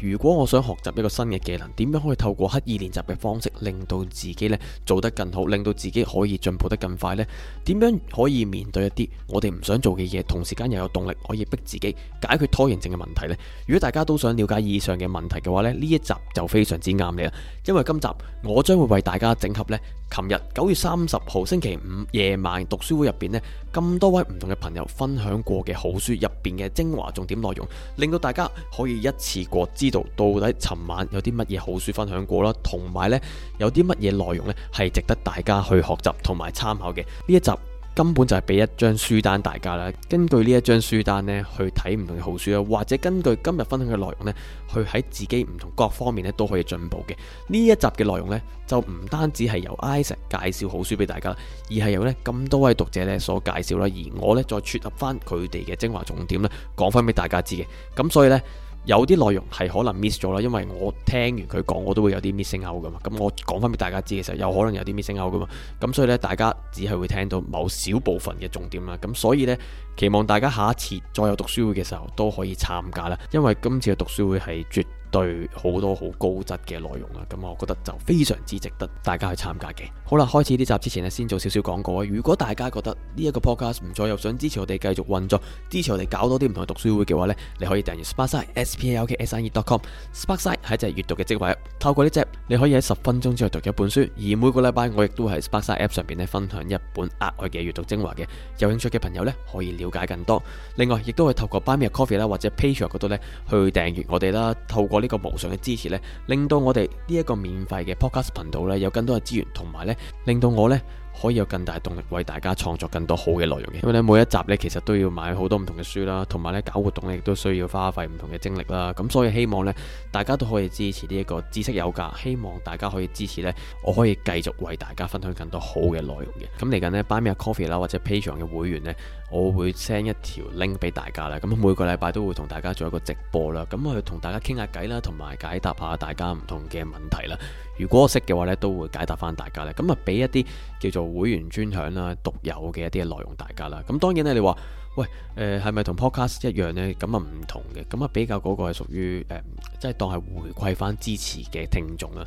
如果我想學習一個新嘅技能，點樣可以透過刻意練習嘅方式，令到自己呢做得更好，令到自己可以進步得更快呢？點樣可以面對一啲我哋唔想做嘅嘢，同時間又有動力可以逼自己解決拖延症嘅問題呢？如果大家都想了解以上嘅問題嘅話呢，呢一集就非常之啱你啦！因為今集我將會為大家整合呢，琴日九月三十號星期五夜晚讀書會入邊呢，咁多位唔同嘅朋友分享過嘅好書入邊嘅精華重點內容，令到大家可以一次過。知道到底尋晚有啲乜嘢好書分享過啦，同埋呢有啲乜嘢內容呢係值得大家去學習同埋參考嘅。呢一集根本就係俾一張書單大家啦，根據呢一張書單呢，去睇唔同嘅好書呀，或者根據今日分享嘅內容呢，去喺自己唔同各方面呢都可以進步嘅。呢一集嘅內容呢，就唔單止係由 Isaac 介紹好書俾大家，而係由呢咁多位讀者呢所介紹啦，而我呢，再撮合翻佢哋嘅精華重點呢，講翻俾大家知嘅。咁所以呢。有啲內容係可能 miss 咗啦，因為我聽完佢講，我都會有啲 missing out 㗎嘛，咁我講返畀大家知嘅時候，有可能有啲 missing out 㗎嘛，咁所以呢，大家只係會聽到某小部分嘅重點啦，咁所以呢，期望大家下一次再有讀書會嘅時候都可以參加啦，因為今次嘅讀書會係絕。對好多好高質嘅內容啊，咁我覺得就非常之值得大家去參加嘅。好啦，開始呢集之前呢，先做少少廣告啊。如果大家覺得呢一個 podcast 唔錯，又想支持我哋繼續運作，支持我哋搞多啲唔同嘅讀書會嘅話呢，你可以訂閱 Sparkside s p a r k s i d e dot com。Sparkside 係一隻閱讀嘅精華，透過呢隻你可以喺十分鐘之內讀一本書，而每個禮拜我亦都喺 Sparkside app 上邊呢分享一本額外嘅閱讀精華嘅。有興趣嘅朋友呢，可以了解更多。另外，亦都會透過 Buy Me a Coffee 啦或者 Patreon 嗰度呢去訂閱我哋啦。透過呢個無償嘅支持咧，令到我哋呢一個免費嘅 podcast 頻道咧，有更多嘅資源，同埋咧，令到我咧。可以有更大動力為大家創作更多好嘅內容嘅，因為咧，每一集咧，其實都要買好多唔同嘅書啦，同埋咧，搞活動咧，亦都需要花費唔同嘅精力啦。咁所以希望咧，大家都可以支持呢一個知識有價，希望大家可以支持咧，我可以繼續為大家分享更多好嘅內容嘅。咁嚟緊呢 Buy Me A Coffee 啦，或者 Patreon 嘅會員呢，我會 send 一條 link 俾大家啦。咁每個禮拜都會同大家做一個直播啦，咁去同大家傾下偈啦，同埋解答下大家唔同嘅問題啦。如果我識嘅話咧，都會解答翻大家咧。咁啊，俾一啲叫做～會員專享啦，獨有嘅一啲嘅內容，大家啦。咁當然咧，你話，喂，誒、呃、係咪同 Podcast 一樣呢？咁啊唔同嘅，咁啊比較嗰個係屬於誒，即係當係回饋翻支持嘅聽眾啦。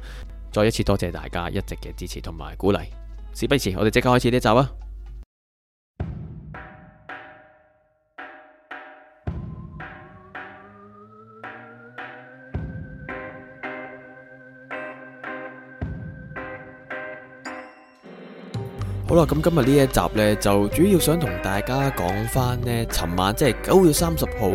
再一次多謝大家一直嘅支持同埋鼓勵，事不宜遲，我哋即刻開始呢集啊！好啦，咁今日呢一集呢，就主要想同大家講翻呢，尋晚即係九月三十號，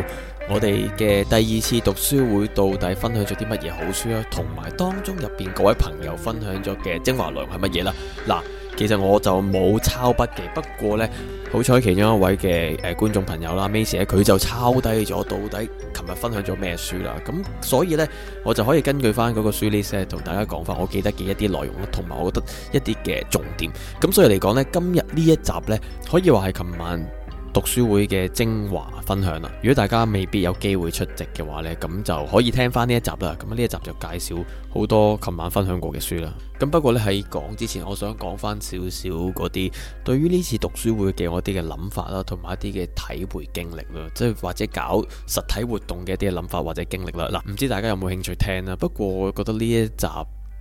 我哋嘅第二次讀書會到底分享咗啲乜嘢好書啊，同埋當中入邊各位朋友分享咗嘅精華內容係乜嘢啦？嗱。其實我就冇抄筆記，不過呢，好彩其中一位嘅誒、呃、觀眾朋友啦，Macy 佢就抄低咗到底琴日分享咗咩書啦，咁所以呢，我就可以根據翻嗰個書 list 同大家講翻我記得嘅一啲內容同埋我覺得一啲嘅重點，咁所以嚟講呢，今日呢一集呢，可以話係琴晚讀書會嘅精華分享啦！如果大家未必有機會出席嘅話呢，咁就可以聽翻呢一集啦。咁呢一集就介紹好多琴晚分享過嘅書啦。咁不過呢，喺講之前，我想講翻少少嗰啲對於呢次讀書會嘅我啲嘅諗法啦，同埋一啲嘅體會經歷啦，即係或者搞實體活動嘅一啲嘅諗法或者經歷啦。嗱，唔知大家有冇興趣聽啦？不過我覺得呢一集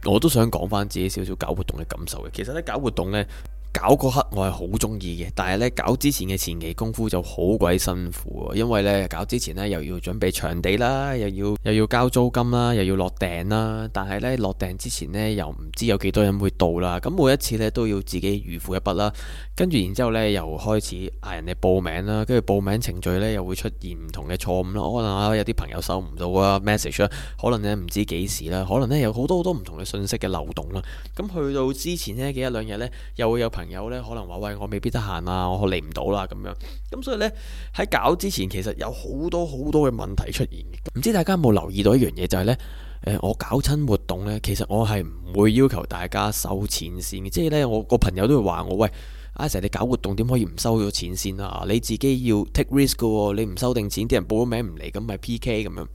我都想講翻自己少少搞活動嘅感受嘅。其實呢，搞活動呢。搞嗰刻我係好中意嘅，但係呢，搞之前嘅前期功夫就好鬼辛苦啊！因為呢，搞之前呢又要準備場地啦，又要又要交租金啦，又要落訂啦。但係呢，落訂之前呢，又唔知有幾多人會到啦。咁每一次呢，都要自己預付一筆啦。跟住然之後呢，又開始嗌人哋報名啦，跟住報名程序呢，又會出現唔同嘅錯誤啦。可能、啊、有啲朋友收唔到啊 message 啦、啊，可能呢，唔知幾時啦，可能呢，有好多好多唔同嘅信息嘅漏洞啦、啊。咁去到之前呢，幾一兩日呢，又會有。朋友咧，可能話喂，我未必得閒啊，我嚟唔到啦，咁樣，咁所以呢，喺搞之前，其實有好多好多嘅問題出現。唔知大家有冇留意到一樣嘢，就係、是、呢、呃，我搞親活動呢，其實我係唔會要求大家收錢先。即係呢，我個朋友都會話我喂，阿、啊、成你搞活動點可以唔收咗錢先啊？你自己要 take risk 嘅、哦，你唔收定錢，啲人報咗名唔嚟，咁、就、咪、是、PK 咁樣、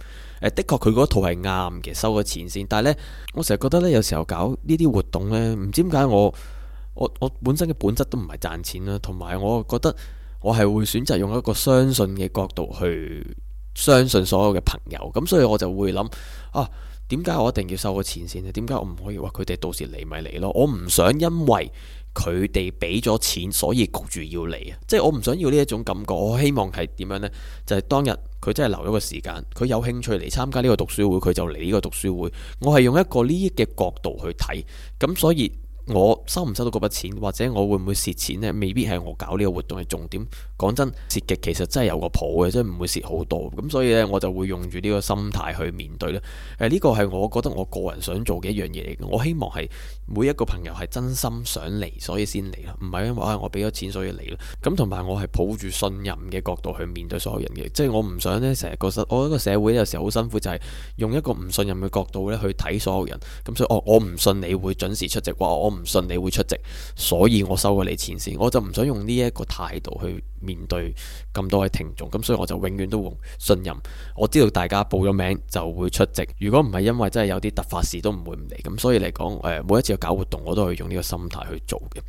呃。的確佢嗰套係啱嘅，收咗錢先。但係呢，我成日覺得呢，有時候搞呢啲活動呢，唔知點解我。我我本身嘅本質都唔係賺錢啦，同埋我覺得我係會選擇用一個相信嘅角度去相信所有嘅朋友，咁所以我就會諗啊，點解我一定要收個錢先咧？點解我唔可以話佢哋到時嚟咪嚟咯？我唔想因為佢哋俾咗錢，所以焗住要嚟啊！即係我唔想要呢一種感覺，我希望係點樣呢？就係當日佢真係留咗個時間，佢有興趣嚟參加呢個讀書會，佢就嚟呢個讀書會。我係用一個呢啲嘅角度去睇，咁所以。我收唔收到嗰筆錢，或者我會唔會蝕錢呢？未必係我搞呢個活動嘅重點。講真，蝕極其實真係有個譜嘅，即係唔會蝕好多。咁所以呢，我就會用住呢個心態去面對咧。誒，呢個係我覺得我個人想做嘅一樣嘢嚟。我希望係每一個朋友係真心想嚟，所以先嚟啦，唔係因為我係我俾咗錢所以嚟咯。咁同埋我係抱住信任嘅角度去面對所有人嘅，即係我唔想呢，成日覺得我一個社會咧有時好辛苦，就係、是、用一個唔信任嘅角度呢去睇所有人。咁所以，我我唔信你會準時出席，話我。唔信你會出席，所以我收咗你錢先，我就唔想用呢一個態度去。面對咁多位聽眾，咁所以我就永遠都用信任，我知道大家報咗名就會出席。如果唔係因為真係有啲突發事都唔會唔嚟。咁所以嚟講，誒、呃、每一次我搞活動我都係用呢個心態去做嘅。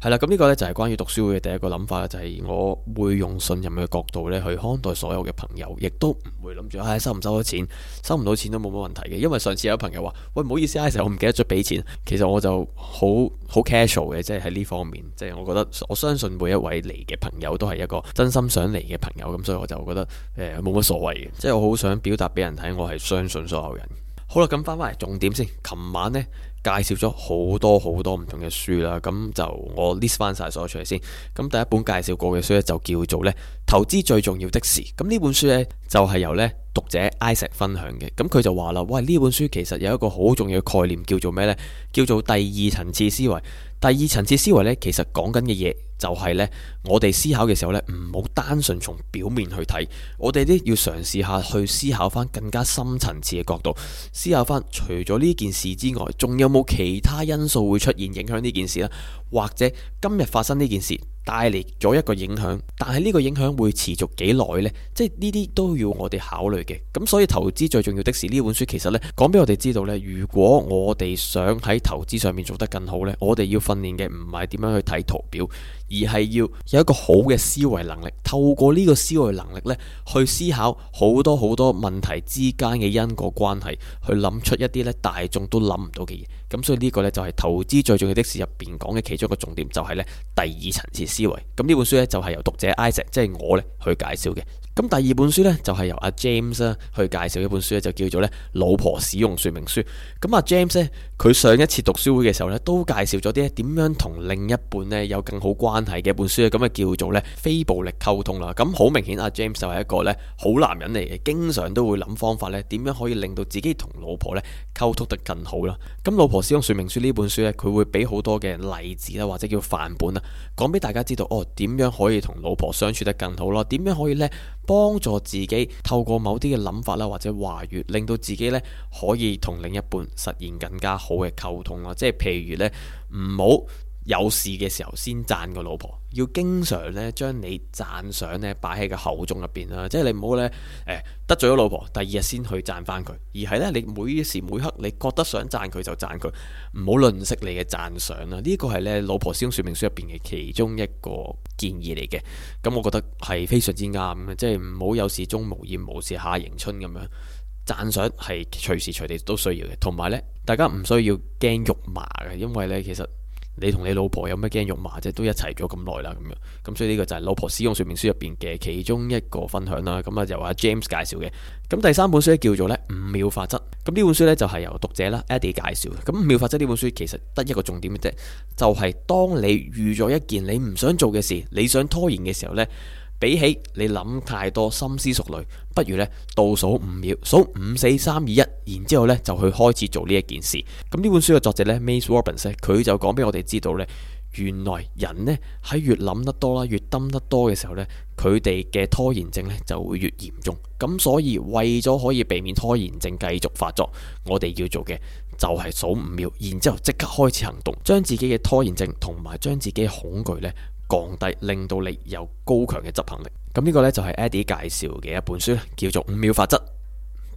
係啦，咁呢個呢，就係、是、關於讀書會嘅第一個諗法，就係、是、我會用信任嘅角度呢去看待所有嘅朋友，亦都唔會諗住唉收唔收到錢，收唔到錢都冇乜問題嘅。因為上次有朋友話：喂唔好意思啊，成、哎、日我唔記得咗俾錢。其實我就好好 casual 嘅，即係喺呢方面，即、就、係、是、我覺得我相信每一位嚟嘅朋友都係。一個真心想嚟嘅朋友，咁所以我就覺得誒冇乜所謂嘅，即係我好想表達俾人睇，我係相信所有人。好啦，咁翻翻嚟重點先。琴晚呢介紹咗好多好多唔同嘅書啦，咁就我 list 翻晒所有出嚟先。咁第一本介紹過嘅書呢，就叫做呢《投資最重要的事》。咁呢本書呢，就係由呢讀者 Isaac 分享嘅。咁佢就話啦，喂，呢本書其實有一個好重要嘅概念叫做咩呢？叫做第二層次思維。第二層次思維呢，其實講緊嘅嘢。就係呢，我哋思考嘅時候呢，唔好單純從表面去睇，我哋呢要嘗試下去思考翻更加深層次嘅角度，思考翻除咗呢件事之外，仲有冇其他因素會出現影響呢件事呢？或者今日發生呢件事帶嚟咗一個影響，但係呢個影響會持續幾耐呢？即係呢啲都要我哋考慮嘅。咁所以投資最重要嘅事呢本書，其實呢，講俾我哋知道呢，如果我哋想喺投資上面做得更好呢，我哋要訓練嘅唔係點樣去睇圖表，而係要有一個好嘅思維能力，透過呢個思維能力咧，去思考好多好多問題之間嘅因果關係，去諗出一啲呢大眾都諗唔到嘅嘢。咁所以呢個呢、就係，就係投資最重要的事入邊講嘅其中一個重點，就係呢第二層次思維。咁呢本書呢，就係由讀者 Iris 即係我呢，去介紹嘅。咁第二本書呢，就係由阿 James 去介紹一本書咧，就叫做咧，老婆使用說明書。咁阿 James 呢，佢上一次讀書會嘅時候呢，都介紹咗啲點樣同另一半呢有更好關係嘅一本書，咁啊叫做咧非暴力溝通啦。咁好明顯阿 James 就係一個咧好男人嚟嘅，經常都會諗方法咧點樣可以令到自己同老婆咧溝通得更好啦。咁老婆使用說明書呢本書呢，佢會俾好多嘅例子啦，或者叫範本啊，講俾大家知道哦點樣可以同老婆相處得更好啦，點樣可以呢。幫助自己透過某啲嘅諗法啦，或者話語，令到自己呢可以同另一半實現更加好嘅溝通咯。即係譬如呢，唔好。有事嘅時候先讚個老婆，要經常咧將你讚賞咧擺喺個口中入邊啦。即係你唔好咧誒得罪咗老婆，第二日先去讚返佢，而係咧你每時每刻你覺得想讚佢就讚佢，唔好吝嗇你嘅讚賞啦。呢個係咧老婆使用說明書入邊嘅其中一個建議嚟嘅。咁我覺得係非常之啱，即係唔好有事鍾無艷，無事夏迎春咁樣，讚賞係隨時隨地都需要嘅。同埋咧，大家唔需要驚肉麻嘅，因為咧其實。你同你老婆有咩驚肉麻啫？都一齊咗咁耐啦，咁樣咁，所以呢個就係老婆使用說明書入邊嘅其中一個分享啦。咁啊由阿 James 介紹嘅。咁第三本書叫做咧五秒法則。咁呢本書咧就係由讀者啦 Eddie 介紹嘅。咁五秒法則呢本書其實得一個重點嘅啫，就係、是、當你遇咗一件你唔想做嘅事，你想拖延嘅時候咧。比起你諗太多、心思熟慮，不如咧倒數五秒，數五四三二一，然之後咧就去開始做呢一件事。咁呢本書嘅作者咧 Mel Robbins 佢就講俾我哋知道咧，原來人呢喺越諗得多啦、越諗得多嘅時候咧，佢哋嘅拖延症咧就會越嚴重。咁所以為咗可以避免拖延症繼續發作，我哋要做嘅就係數五秒，然之後即刻開始行動，將自己嘅拖延症同埋將自己嘅恐懼咧。降低，令到你有高強嘅執行力。咁呢個呢，就係 Eddie 介紹嘅一本書，叫做《五秒法則》。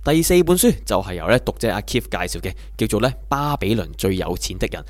第四本書就係由呢讀者阿 Keep 介紹嘅，叫做呢《巴比倫最有錢的人》。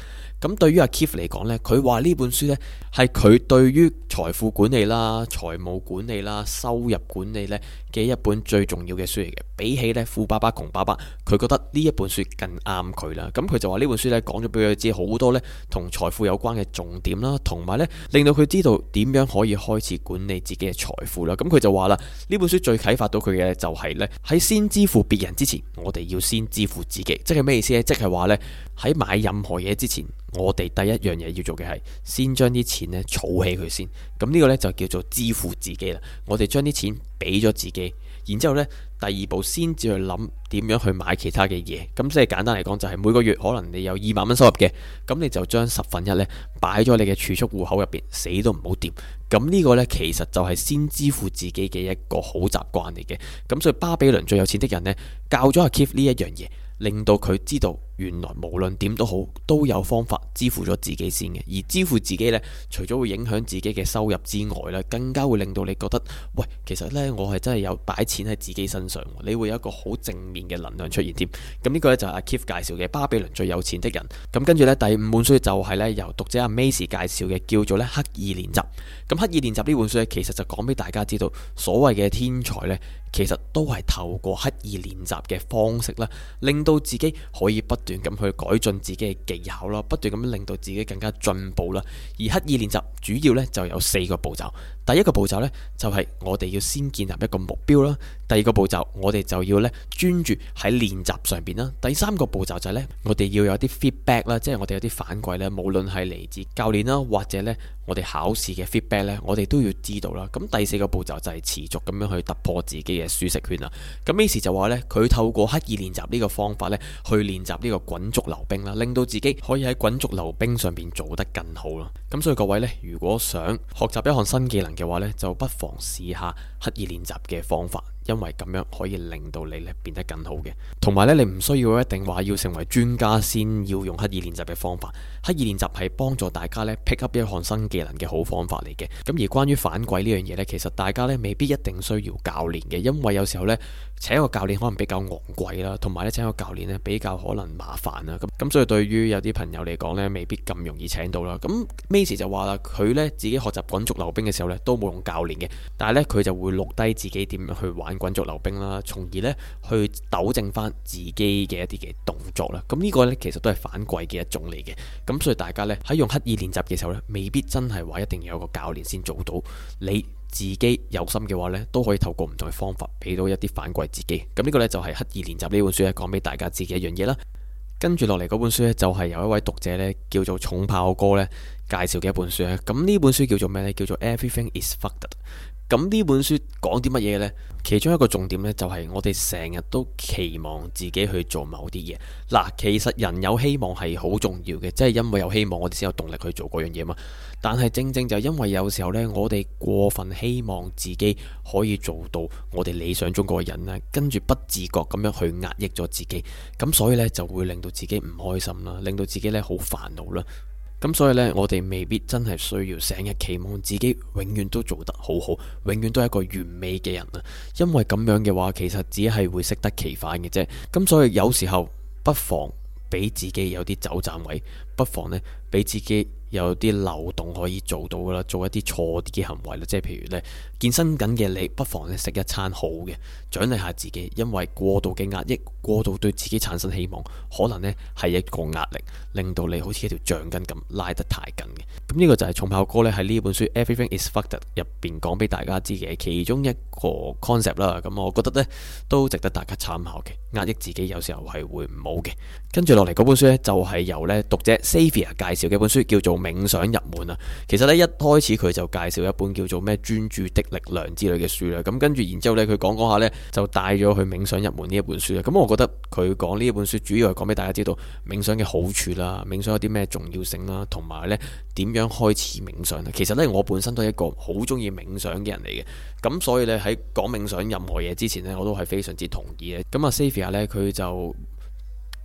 咁對於阿 Keith 嚟講呢，佢話呢本書呢係佢對於財富管理啦、財務管理啦、收入管理呢嘅一本最重要嘅書嚟嘅。比起呢「富爸爸窮爸爸」，佢覺得呢一本書更啱佢啦。咁佢就話呢本書呢講咗俾佢知好多呢同財富有關嘅重點啦，同埋呢令到佢知道點樣可以開始管理自己嘅財富啦。咁佢就話啦，呢本書最啟發到佢嘅就係呢：喺先支付別人之前，我哋要先支付自己，即係咩意思呢？即係話呢，喺買任何嘢之前。我哋第一樣嘢要做嘅係先將啲錢咧儲起佢先，咁、這個、呢個咧就叫做支付自己啦。我哋將啲錢俾咗自己，然之後呢，第二步先至去諗點樣去買其他嘅嘢。咁即係簡單嚟講，就係每個月可能你有二萬蚊收入嘅，咁你就將十分一呢擺咗你嘅儲蓄戶口入邊，死都唔好掂。咁呢個呢，其實就係先支付自己嘅一個好習慣嚟嘅。咁所以巴比倫最有錢的人呢，教咗阿 Kief 呢一樣嘢，令到佢知道。原來無論點都好，都有方法支付咗自己先嘅。而支付自己呢，除咗會影響自己嘅收入之外呢，更加會令到你覺得，喂，其實呢，我係真係有擺錢喺自己身上。你會有一個好正面嘅能量出現添。咁呢個呢，就係阿 Kief 介紹嘅《巴比倫最有錢的人》，嗯。咁跟住呢，第五本書就係呢，由讀者阿 Mais 介紹嘅，叫做呢《刻意練習》，嗯。咁《刻意練習》呢本書呢，其實就講俾大家知道，所謂嘅天才呢，其實都係透過刻意練習嘅方式啦，令到自己可以不不斷咁去改進自己嘅技巧咯，不斷咁令到自己更加進步啦。而刻意練習主要咧就有四個步驟。第一個步驟咧就係我哋要先建立一個目標啦。第二個步驟我哋就要咧專注喺練習上邊啦。第三個步驟就係咧我哋要有啲 feedback 啦，即係我哋有啲反饋咧，無論係嚟自教練啦，或者咧。我哋考試嘅 feedback 咧，我哋都要知道啦。咁第四個步驟就係持續咁樣去突破自己嘅舒適圈啦。咁 Miss 就話咧，佢透過刻意練習呢個方法咧，去練習呢個滾軸溜冰啦，令到自己可以喺滾軸溜冰上邊做得更好咯。咁所以各位咧，如果想學習一項新技能嘅話咧，就不妨試下刻意練習嘅方法。因為咁樣可以令到你咧變得更好嘅，同埋咧你唔需要一定話要成為專家先要用刻意練習嘅方法。刻意練習係幫助大家咧 pick up 一項新技能嘅好方法嚟嘅。咁而關於反饋呢樣嘢呢，其實大家咧未必一定需要教練嘅，因為有時候咧請個教練可能比較昂貴啦，同埋咧請個教練呢比較可能麻煩啦。咁咁所以對於有啲朋友嚟講呢，未必咁容易請到啦。咁 Macy 就話啦，佢呢自己學習滾軸溜冰嘅時候呢，都冇用教練嘅，但係呢，佢就會錄低自己點樣去玩滾軸溜冰啦，從而呢去糾正翻自己嘅一啲嘅動作啦。咁呢個呢，其實都係反饋嘅一種嚟嘅。咁所以大家呢，喺用刻意練習嘅時候呢，未必真係話一定要有個教練先做到。你自己有心嘅話呢，都可以透過唔同嘅方法俾到一啲反饋自己。咁呢個呢，就係刻意練習呢本書呢講俾大家自己一樣嘢啦。跟住落嚟嗰本書呢，就係有一位讀者呢叫做重炮哥呢介紹嘅一本書咧。咁呢本書叫做咩呢？叫做 Everything is Fucked。咁呢本書講啲乜嘢呢？其中一個重點呢，就係我哋成日都期望自己去做某啲嘢。嗱，其實人有希望係好重要嘅，即係因為有希望，我哋先有動力去做嗰樣嘢嘛。但係正正就因為有時候呢，我哋過分希望自己可以做到我哋理想中嗰個人呢，跟住不自覺咁樣去壓抑咗自己，咁所以呢，就會令到自己唔開心啦，令到自己呢好煩惱啦。咁所以呢，我哋未必真係需要成日期望自己永遠都做得好好，永遠都係一個完美嘅人啊！因為咁樣嘅話，其實只係會適得其反嘅啫。咁所以有時候不妨俾自己有啲走盞位。不妨咧，俾自己有啲漏洞可以做到噶啦，做一啲錯啲嘅行為啦。即係譬如咧，健身緊嘅你，不妨咧食一餐好嘅，獎勵下自己。因為過度嘅壓抑，過度對自己產生希望，可能呢係一個壓力，令到你好似一條橡筋咁拉得太緊嘅。咁、嗯、呢、這個就係重炮哥咧喺呢本書《Everything Is Fucked》入邊講俾大家知嘅其中一個 concept 啦。咁、嗯、我覺得呢都值得大家參考嘅。壓抑自己有時候係會唔好嘅。跟住落嚟嗰本書呢，就係由呢讀者。Savia 介紹嘅本書叫做冥想入門啊，其實咧一開始佢就介紹一本叫做咩專注的力量之類嘅書啦，咁跟住然之後咧佢講講下咧就帶咗去冥想入門呢一本書啦，咁、嗯、我覺得佢講呢一本書主要係講俾大家知道冥想嘅好處啦，冥想有啲咩重要性啦，同埋咧點樣開始冥想啊。其實咧我本身都係一個好中意冥想嘅人嚟嘅，咁、嗯、所以咧喺講冥想任何嘢之前咧我都係非常之同意嘅。咁啊 Savia 咧佢就。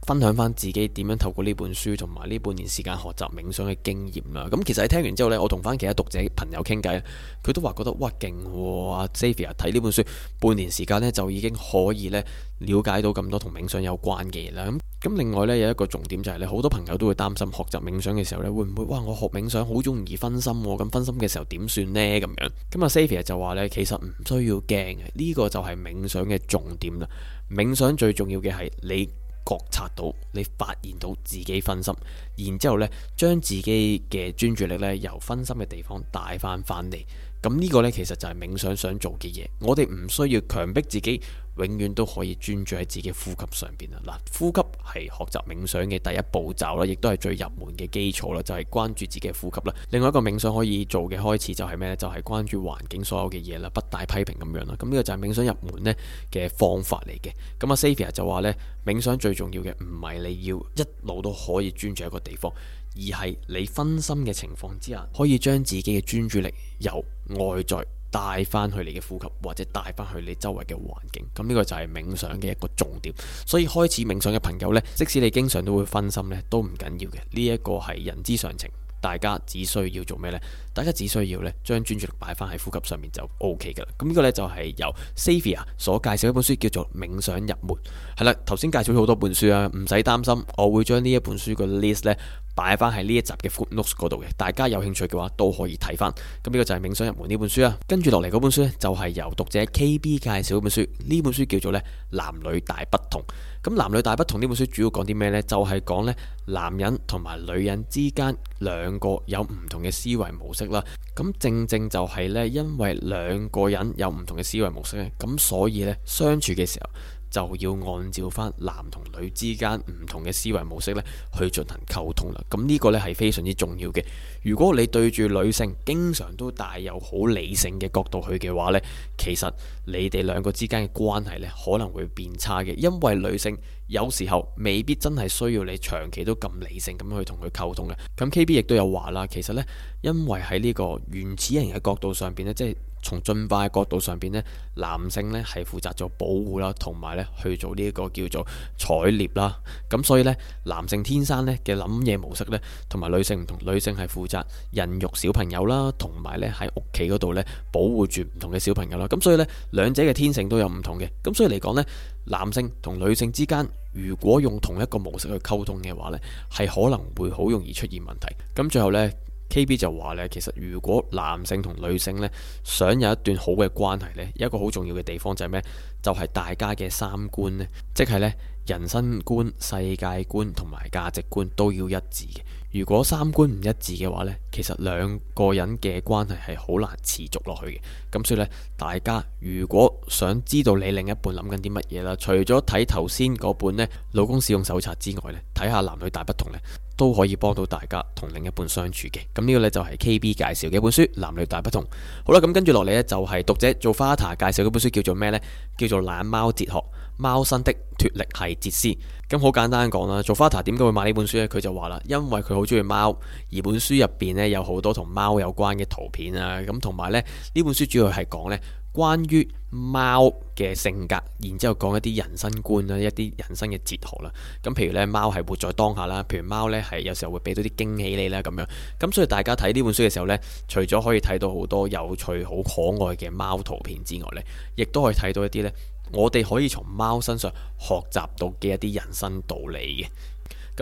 分享翻自己點樣透過呢本書同埋呢半年時間學習冥想嘅經驗啦。咁其實喺聽完之後呢，我同翻其他讀者朋友傾偈，佢都話覺得哇勁喎。Savia 睇呢本書半年時間呢，就已經可以呢了解到咁多同冥想有關嘅嘢啦。咁另外呢，有一個重點就係你好多朋友都會擔心學習冥想嘅時候呢，會唔會哇？我學冥想好容易分心喎。咁分心嘅時候點算呢？咁樣咁阿、啊、Savia 就話呢其實唔需要驚嘅，呢、呢個就係冥想嘅重點啦。冥想最重要嘅係你。覺察到，你發現到自己分心，然之後呢，將自己嘅專注力呢由分心嘅地方帶翻返嚟。咁呢個呢，其實就係冥想想做嘅嘢，我哋唔需要強迫自己永遠都可以專注喺自己呼吸上邊啦。嗱，呼吸係學習冥想嘅第一步驟啦，亦都係最入門嘅基礎啦，就係關注自己嘅呼吸啦。另外一個冥想可以做嘅開始就係咩呢？就係關注環境所有嘅嘢啦，不帶批評咁樣啦。咁呢個就係冥想入門呢嘅方法嚟嘅。咁阿 Savia 就話呢，冥想最重要嘅唔係你要一路都可以專注喺個地方。而係你分心嘅情況之下，可以將自己嘅專注力由外在帶翻去你嘅呼吸，或者帶翻去你周圍嘅環境。咁呢個就係冥想嘅一個重點。所以開始冥想嘅朋友呢，即使你經常都會分心呢，都唔緊要嘅。呢、這、一個係人之常情，大家只需要做咩呢？大家只需要呢，將專注力擺翻喺呼吸上面就 OK 噶啦。咁呢個呢，就係、是、由 Savia 所介紹一本書叫做《冥想入門》。係啦，頭先介紹咗好多本書啊，唔使擔心，我會將呢一本書嘅 list 呢。擺翻喺呢一集嘅 Footnotes 嗰度嘅，大家有興趣嘅話都可以睇翻。咁呢個就係冥想入門呢本書啦。跟住落嚟嗰本書呢，就係由讀者 KB 介紹本書。呢本書叫做呢，男女大不同。咁男女大不同呢本書主要講啲咩呢？就係講呢，男人同埋女人之間兩個有唔同嘅思維模式啦。咁正正就係呢，因為兩個人有唔同嘅思維模式呢，咁所以呢，相處嘅時候，就要按照翻男同女之間唔同嘅思維模式咧，去進行溝通啦。咁呢個咧係非常之重要嘅。如果你對住女性經常都帶有好理性嘅角度去嘅話咧，其實你哋兩個之間嘅關係咧可能會變差嘅，因為女性有時候未必真係需要你長期都咁理性咁去同佢溝通嘅。咁 KB 亦都有話啦，其實咧，因為喺呢個原始人嘅角度上邊咧，即係。從進化嘅角度上邊呢，男性呢係負責做保護啦，同埋呢去做呢一個叫做採獵啦。咁所以呢，男性天生呢嘅諗嘢模式呢，同埋女性唔同，女性係負責孕育小朋友啦，同埋呢喺屋企嗰度呢，保護住唔同嘅小朋友啦。咁所以呢，兩者嘅天性都有唔同嘅。咁所以嚟講呢，男性同女性之間如果用同一個模式去溝通嘅話呢，係可能會好容易出現問題。咁最後呢。KB 就話咧，其實如果男性同女性咧，想有一段好嘅關係咧，一個好重要嘅地方就係咩？就係大家嘅三觀咧，即係咧，人生觀、世界觀同埋價值觀都要一致嘅。如果三觀唔一致嘅話呢，其實兩個人嘅關係係好難持續落去嘅。咁所以呢，大家如果想知道你另一半諗緊啲乜嘢啦，除咗睇頭先嗰本呢《老公使用手冊》之外呢，睇下《男女大不同》呢，都可以幫到大家同另一半相處嘅。咁呢個呢，就係、是、K B 介紹嘅一本書《男女大不同》。好啦，咁跟住落嚟呢，就係讀者做花塔介紹嗰本書叫做咩呢？叫做《懶貓哲學》。貓身的脫力係哲思，咁好簡單講啦。做 father 點解會買呢本書呢？佢就話啦，因為佢好中意貓，而本書入邊呢，有好多同貓有關嘅圖片啊，咁同埋呢，呢本書主要係講呢，關於貓嘅性格，然之後講一啲人生觀啊，一啲人生嘅哲學啦。咁譬如呢，貓係活在當下啦，譬如貓呢係有時候會俾到啲驚喜你啦，咁樣。咁所以大家睇呢本書嘅時候呢，除咗可以睇到好多有趣、好可愛嘅貓圖片之外呢，亦都可以睇到一啲呢。我哋可以從貓身上學習到嘅一啲人生道理嘅，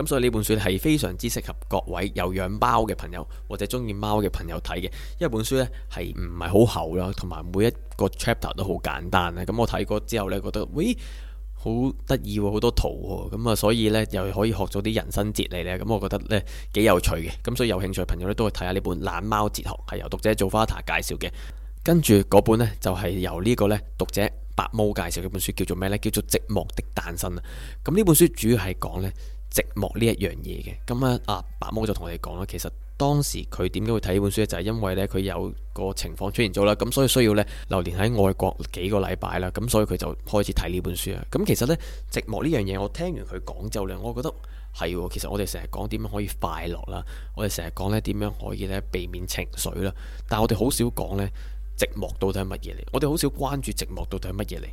咁所以呢本書係非常之適合各位有養貓嘅朋友或者中意貓嘅朋友睇嘅。因為本書呢係唔係好厚啦，同埋每一個 chapter 都好簡單啊。咁我睇過之後呢，覺得喂好得意，好多圖咁啊，所以呢又可以學咗啲人生哲理呢。咁我覺得呢幾有趣嘅，咁所以有興趣嘅朋友呢，都會睇下呢本《懶貓哲學》，係由讀者做花壇介紹嘅。跟住嗰本呢，就係由呢個呢讀者。白毛介紹嗰本書叫做咩呢？叫做《寂寞的誕生》啊。咁呢本書主要係講呢「寂寞」呢一樣嘢嘅。咁啊阿白毛就同我哋講啦，其實當時佢點解會睇呢本書呢？就係、是、因為呢，佢有個情況出現咗啦，咁、啊、所以需要呢，流連喺外國幾個禮拜啦。咁、啊、所以佢就開始睇呢本書啊。咁其實呢「寂寞」呢樣嘢，我聽完佢講之後呢，我覺得係。其實我哋成日講點樣可以快樂啦，我哋成日講呢點樣可以呢避免情緒啦，但我哋好少講呢。寂寞到底係乜嘢嚟？我哋好少關注寂寞到底係乜嘢嚟，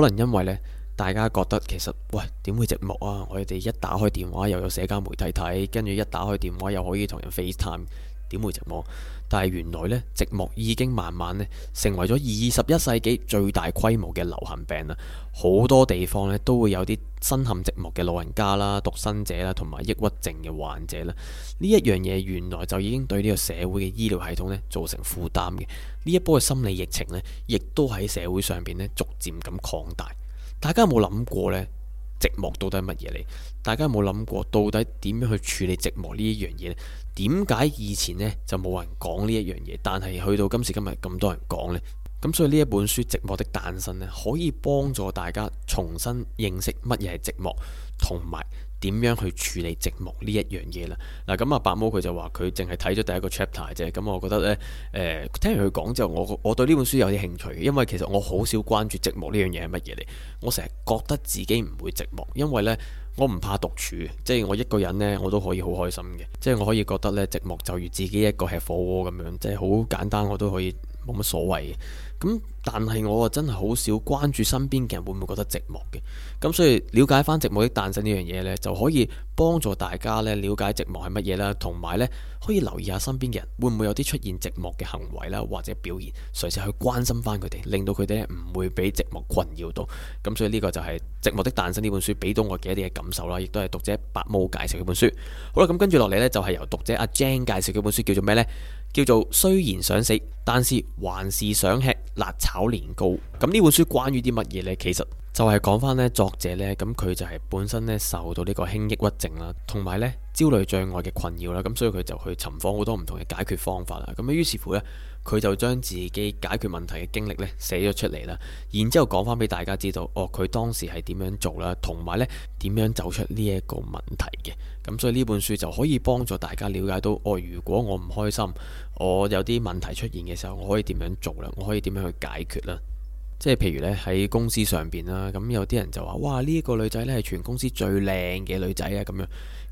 可能因為呢，大家覺得其實，喂，點會寂寞啊？我哋一打開電話又有社交媒體睇，跟住一打開電話又可以同人 FaceTime。點會寂寞？但係原來呢，寂寞已經慢慢咧成為咗二十一世紀最大規模嘅流行病啦。好多地方咧都會有啲身陷寂寞嘅老人家啦、獨身者啦，同埋抑鬱症嘅患者啦。呢一樣嘢原來就已經對呢個社會嘅醫療系統咧造成負擔嘅。呢一波嘅心理疫情呢，亦都喺社會上邊咧逐漸咁擴大。大家有冇諗過呢？寂寞到底係乜嘢嚟？大家有冇諗過到底點樣去處理寂寞呢一樣嘢？點解以前呢就冇人講呢一樣嘢，但係去到今時今日咁多人講呢？咁所以呢一本書《寂寞的誕生》呢，可以幫助大家重新認識乜嘢係寂寞，同埋點樣去處理寂寞呢一樣嘢啦。嗱、啊，咁阿白毛，佢就話佢淨係睇咗第一個 chapter 啫。咁我覺得呢，誒、呃，聽完佢講之後，我我對呢本書有啲興趣，因為其實我好少關注寂寞呢樣嘢係乜嘢嚟，我成日覺得自己唔會寂寞，因為呢。我唔怕獨處，即係我一個人呢，我都可以好開心嘅，即係我可以覺得呢，寂寞就如自己一個吃火鍋咁樣，即係好簡單，我都可以。冇乜所謂嘅，咁但係我啊真係好少關注身邊嘅人會唔會覺得寂寞嘅，咁所以了解翻寂寞的誕生呢樣嘢呢，就可以幫助大家呢，了解寂寞係乜嘢啦，同埋呢，可以留意下身邊嘅人會唔會有啲出現寂寞嘅行為啦或者表現，隨時去關心翻佢哋，令到佢哋呢唔會俾寂寞困擾到。咁所以呢個就係、是《寂寞的誕生》呢本書俾到我嘅一啲嘅感受啦，亦都係讀者白毛介紹佢本書。好啦，咁跟住落嚟呢，就係由讀者阿 Jan 介紹佢本書叫做咩呢？叫做雖然想死，但是還是想吃辣炒年糕。咁呢本書關於啲乜嘢？呢？其實就係講返呢作者呢。咁佢就係本身呢受到呢個輕抑鬱症啦，同埋呢焦慮障礙嘅困擾啦，咁所以佢就去尋訪好多唔同嘅解決方法啦。咁啊，於是乎呢。佢就將自己解決問題嘅經歷咧寫咗出嚟啦，然之後講翻俾大家知道，哦，佢當時係點樣做啦，同埋咧點樣走出呢一個問題嘅。咁所以呢本書就可以幫助大家了解到，哦，如果我唔開心，我有啲問題出現嘅時候，我可以點樣做啦？我可以點樣去解決啦？即係譬如咧喺公司上邊啦，咁有啲人就話，哇，呢一個女仔呢，係全公司最靚嘅女仔啊，咁樣。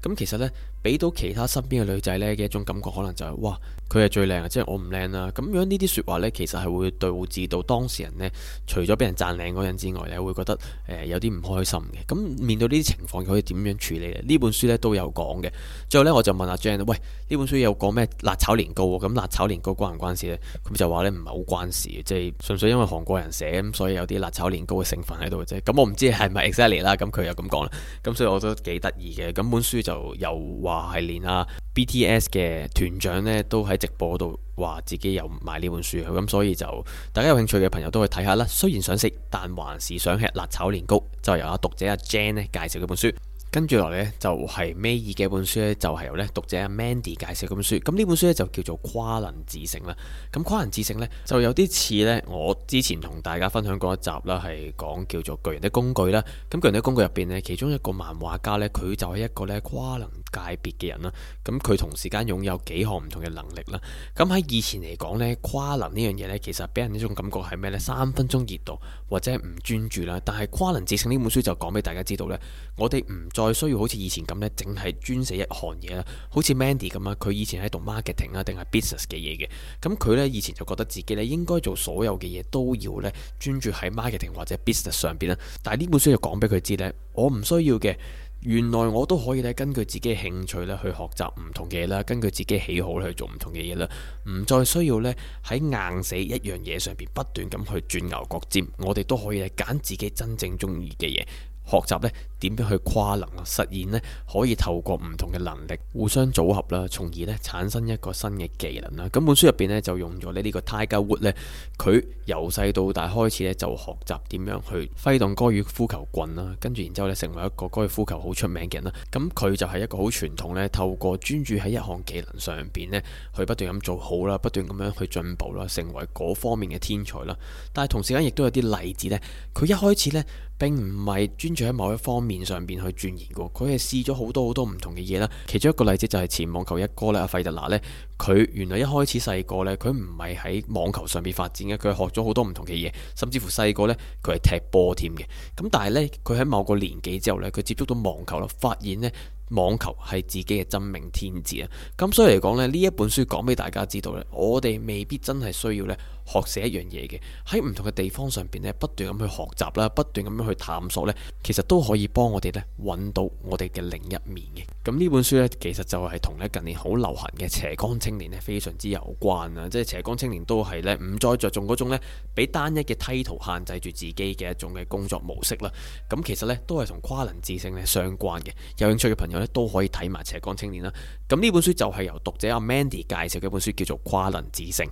咁其實呢，俾到其他身邊嘅女仔呢嘅一種感覺，可能就係、是、哇，佢係最靚啊！即、就、係、是、我唔靚啦。咁樣呢啲説話呢，其實係會導致到當事人呢，除咗俾人讚靚嗰陣之外呢，會覺得誒、呃、有啲唔開心嘅。咁面對呢啲情況，又可以點樣處理呢？呢本書呢都有講嘅。最後呢，我就問阿 Jane，喂，呢本書有講咩辣炒年糕喎、啊？咁辣炒年糕關唔關事呢？咁就話呢唔係好關事即係、就是、純粹因為韓國人寫咁，所以有啲辣炒年糕嘅成分喺度嘅啫。咁我唔知係咪 exactly 啦。咁佢又咁講啦。咁所以我都幾得意嘅。咁本書就。又話係連啊，BTS 嘅團長呢都喺直播度話自己有買呢本書，咁所以就大家有興趣嘅朋友都可以睇下啦。雖然想食，但還是想吃辣炒年糕。就係、是、由阿、啊、讀者阿、啊、Jane 呢介紹呢本書。跟住落嚟咧，就係尾二嘅本書咧，就係由咧讀者阿 Mandy 介紹咁本書。咁呢本書咧就叫做跨能致勝啦。咁跨能致勝呢，就有啲似咧我之前同大家分享過一集啦，係講叫做巨《巨人的工具》啦。咁《巨人的工具》入邊呢，其中一個漫畫家呢，佢就係一個咧跨能界別嘅人啦。咁佢同時間擁有幾項唔同嘅能力啦。咁喺以前嚟講呢，跨能呢樣嘢呢，其實俾人呢種感覺係咩呢？三分鐘熱度或者係唔專注啦。但係跨能致勝呢本書就講俾大家知道呢，我哋唔再再需要好似以前咁呢，淨係專死一行嘢啦。好似 Mandy 咁啊，佢以前喺做 marketing 啊，定係 business 嘅嘢嘅。咁佢呢，以前就覺得自己呢應該做所有嘅嘢都要呢專注喺 marketing 或者 business 上邊啦。但係呢本書就講俾佢知呢，我唔需要嘅。原來我都可以呢，根據自己興趣呢去學習唔同嘅嘢啦，根據自己喜好去做唔同嘅嘢啦，唔再需要呢，喺硬死一樣嘢上邊不斷咁去轉牛角尖。我哋都可以揀自己真正中意嘅嘢。學習咧，點樣去跨能力實現咧，可以透過唔同嘅能力互相組合啦，從而咧產生一個新嘅技能啦。咁本書入邊呢，就用咗咧呢個 Tiger Wood 咧，佢由細到大開始呢，就學習點樣去揮動高爾夫球棍啦，跟住然之後咧，成為一個高爾夫球好出名嘅人啦。咁佢就係一個好傳統呢，透過專注喺一項技能上邊呢，去不斷咁做好啦，不斷咁樣去進步啦，成為嗰方面嘅天才啦。但係同時間亦都有啲例子呢，佢一開始呢。並唔係專注喺某一方面上邊去鑽研噶，佢係試咗好多好多唔同嘅嘢啦。其中一個例子就係前網球一哥啦，阿費德拿呢，佢原來一開始細個呢，佢唔係喺網球上邊發展嘅，佢學咗好多唔同嘅嘢，甚至乎細個呢，佢係踢波添嘅。咁但係呢，佢喺某個年紀之後呢，佢接觸到網球啦，發現呢網球係自己嘅真命天子啊。咁所以嚟講呢，呢一本書講俾大家知道呢，我哋未必真係需要呢。學寫一樣嘢嘅，喺唔同嘅地方上邊呢，不斷咁去學習啦，不斷咁樣去探索呢，其實都可以幫我哋呢揾到我哋嘅另一面嘅。咁呢本書呢，其實就係同呢近年好流行嘅斜槓青年呢非常之有關啊！即係斜槓青年都係呢，唔再着重嗰種呢，俾單一嘅梯度限制住自己嘅一種嘅工作模式啦。咁其實呢，都係同跨能致勝呢相關嘅。有興趣嘅朋友呢，都可以睇埋斜槓青年啦。咁呢本書就係由讀者阿 Mandy 介紹嘅本書，叫做《跨能致勝》。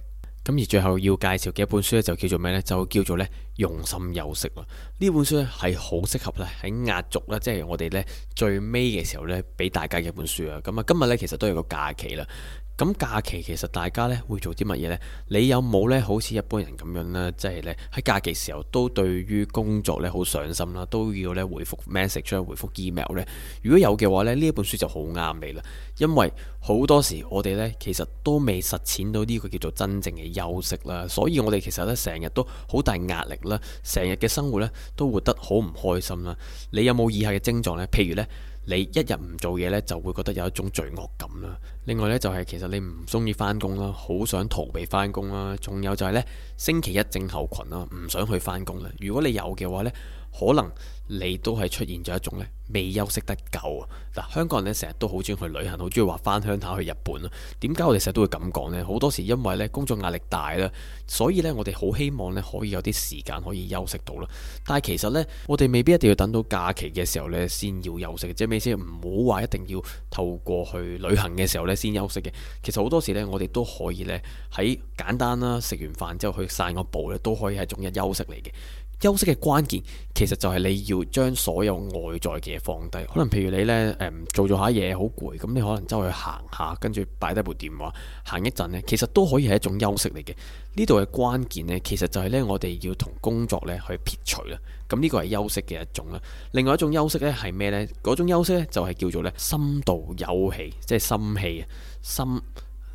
咁而最後要介紹嘅一本書咧，就叫做咩呢？就叫做咧，用心休息啦。呢本書呢，係好適合咧，喺壓軸啦，即係我哋呢，最尾嘅時候呢，俾大家嘅一本書啊。咁啊，今日呢，其實都有個假期啦。咁假期其實大家呢會做啲乜嘢呢？你有冇呢？好似一般人咁樣呢？即係呢，喺假期時候都對於工作呢好上心啦，都要呢，回覆 message、回覆 email 呢。如果有嘅話呢，呢一本書就好啱你啦。因為好多時我哋呢其實都未實踐到呢個叫做真正嘅休息啦，所以我哋其實呢成日都好大壓力啦，成日嘅生活呢都活得好唔開心啦。你有冇以下嘅症狀呢？譬如呢。你一日唔做嘢呢，就會覺得有一種罪惡感啦。另外呢，就係、是、其實你唔中意返工啦，好想逃避返工啦。仲有就係呢，星期一症候群啦，唔想去返工啦。如果你有嘅話呢。可能你都係出現咗一種呢，未休息得夠啊！嗱，香港人呢，成日都好中意去旅行，好中意話返鄉下去日本咯。點解我哋成日都會咁講呢？好多時因為呢，工作壓力大啦，所以呢，我哋好希望呢可以有啲時間可以休息到啦。但係其實呢，我哋未必一定要等到假期嘅時候呢先要休息，即係咩先？唔好話一定要透過去旅行嘅時候呢先休息嘅。其實好多時呢，我哋都可以呢喺簡單啦，食完飯之後去散個步呢，都可以係一種休息嚟嘅。休息嘅關鍵其實就係你要將所有外在嘅嘢放低，可能譬如你呢，誒、嗯、做做下嘢好攰，咁你可能去走去行下，跟住擺低部電話行一陣呢，其實都可以係一種休息嚟嘅。呢度嘅關鍵呢，其實就係呢，我哋要同工作呢去撇除啦。咁呢個係休息嘅一種啦。另外一種休息呢係咩呢？嗰種休息呢，就係、是、叫做呢深度休氣，即係深氣、深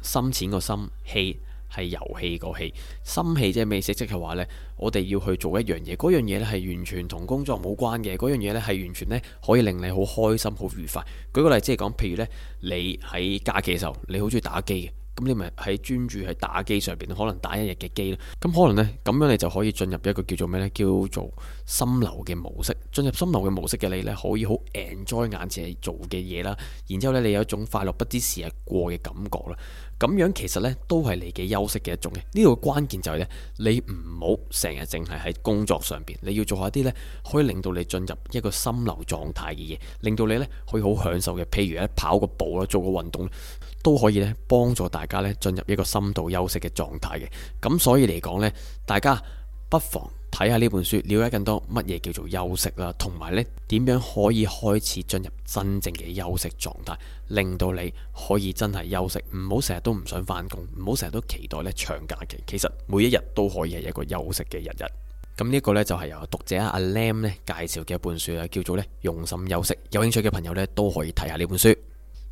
深淺個深氣。氣係遊戲個戲，心氣即係未食即係話呢，我哋要去做一樣嘢，嗰樣嘢呢係完全同工作冇關嘅，嗰樣嘢呢係完全呢可以令你好開心、好愉快。舉個例子嚟講，譬如呢，你喺假期嘅時候，你好中意打機嘅，咁你咪喺專注喺打機上邊，可能打一日嘅機啦，咁可能呢，咁樣你就可以進入一個叫做咩呢？叫做心流嘅模式。進入心流嘅模式嘅你呢，可以好 enjoy 眼前做嘅嘢啦，然之後呢，你有一種快樂不知時日過嘅感覺啦。咁樣其實呢，都係你嘅休息嘅一種嘅，呢度關鍵就係咧，你唔好成日淨係喺工作上邊，你要做下啲呢，可以令到你進入一個心流狀態嘅嘢，令到你呢可以好享受嘅，譬如咧跑個步啦，做個運動都可以咧幫助大家呢進入一個深度休息嘅狀態嘅，咁所以嚟講呢，大家不妨，睇下呢本書，了解更多乜嘢叫做休息啦，同埋呢點樣可以開始進入真正嘅休息狀態，令到你可以真係休息，唔好成日都唔想返工，唔好成日都期待呢長假期。其實每一日都可以係一個休息嘅日日。咁呢一個呢就係、是、由讀者阿 Lam 呢介紹嘅一本書啦，叫做呢用心休息。有興趣嘅朋友呢，都可以睇下呢本書。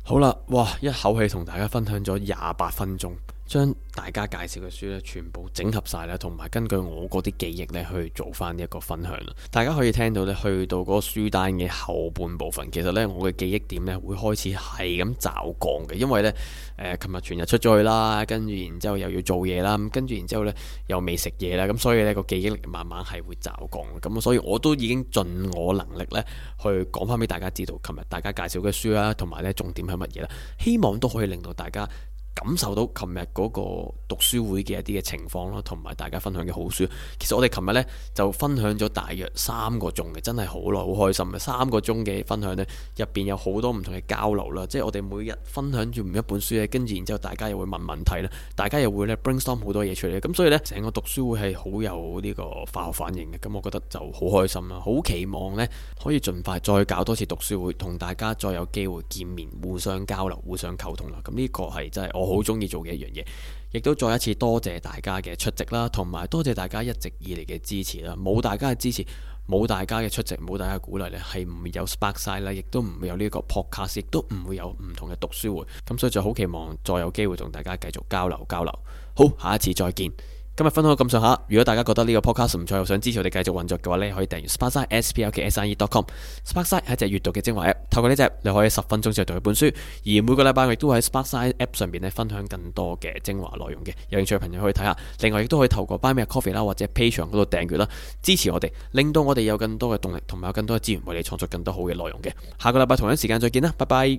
好啦，哇，一口氣同大家分享咗廿八分鐘。將大家介紹嘅書咧，全部整合晒咧，同埋根據我嗰啲記憶咧去做翻一個分享啦。大家可以聽到咧，去到嗰個書單嘅後半部分，其實咧我嘅記憶點咧會開始係咁驟降嘅，因為呢，誒、呃，琴日全日出咗去啦，跟住然之後又要做嘢啦，跟住然之後咧又未食嘢啦，咁所以呢個記憶力慢慢係會驟降。咁所以我都已經盡我能力咧去講翻俾大家知道，琴日大家介紹嘅書啦、啊，同埋呢重點係乜嘢啦，希望都可以令到大家感受到琴日嗰個讀書會嘅一啲嘅情況咯，同埋大家分享嘅好書。其實我哋琴日咧就分享咗大約三個鐘嘅，真係好耐，好開心。三個鐘嘅分享咧，入邊有好多唔同嘅交流啦。即係我哋每日分享住唔一本書咧，跟住然之後大家又會問問題啦，大家又會咧 brainstorm 好多嘢出嚟。咁所以咧，成個讀書會係好有呢個化學反應嘅。咁我覺得就好開心啦，好期望咧可以盡快再搞多次讀書會同大家再有機會見面，互相交流，互相溝通啦。咁呢個係真係我。好中意做嘅一樣嘢，亦都再一次多謝大家嘅出席啦，同埋多謝大家一直以嚟嘅支持啦。冇大家嘅支持，冇大家嘅出席，冇大家嘅鼓勵咧，係唔會有 Sparkside 啦，亦都唔會有呢個 Podcast，亦都唔會有唔同嘅讀書會。咁所以就好期望再有機會同大家繼續交流交流。好，下一次再見。今日分享到咁上下，如果大家覺得呢個 podcast 唔錯，又想支持我哋繼續運作嘅話咧，你可以訂閱 sparksine s p a r k s i n e dot com，sparksine 係一隻閱讀嘅精華 app，透過呢隻你可以十分鐘就讀一本書。而每個禮拜我亦都會喺 sparksine app 上面咧分享更多嘅精華內容嘅。有興趣嘅朋友可以睇下，另外亦都可以透過 Buy Me a Coffee 啦，或者 Patreon 嗰度訂閱啦，支持我哋，令到我哋有更多嘅動力同埋有更多嘅資源，為你創作更多好嘅內容嘅。下個禮拜同一時間再見啦，拜拜。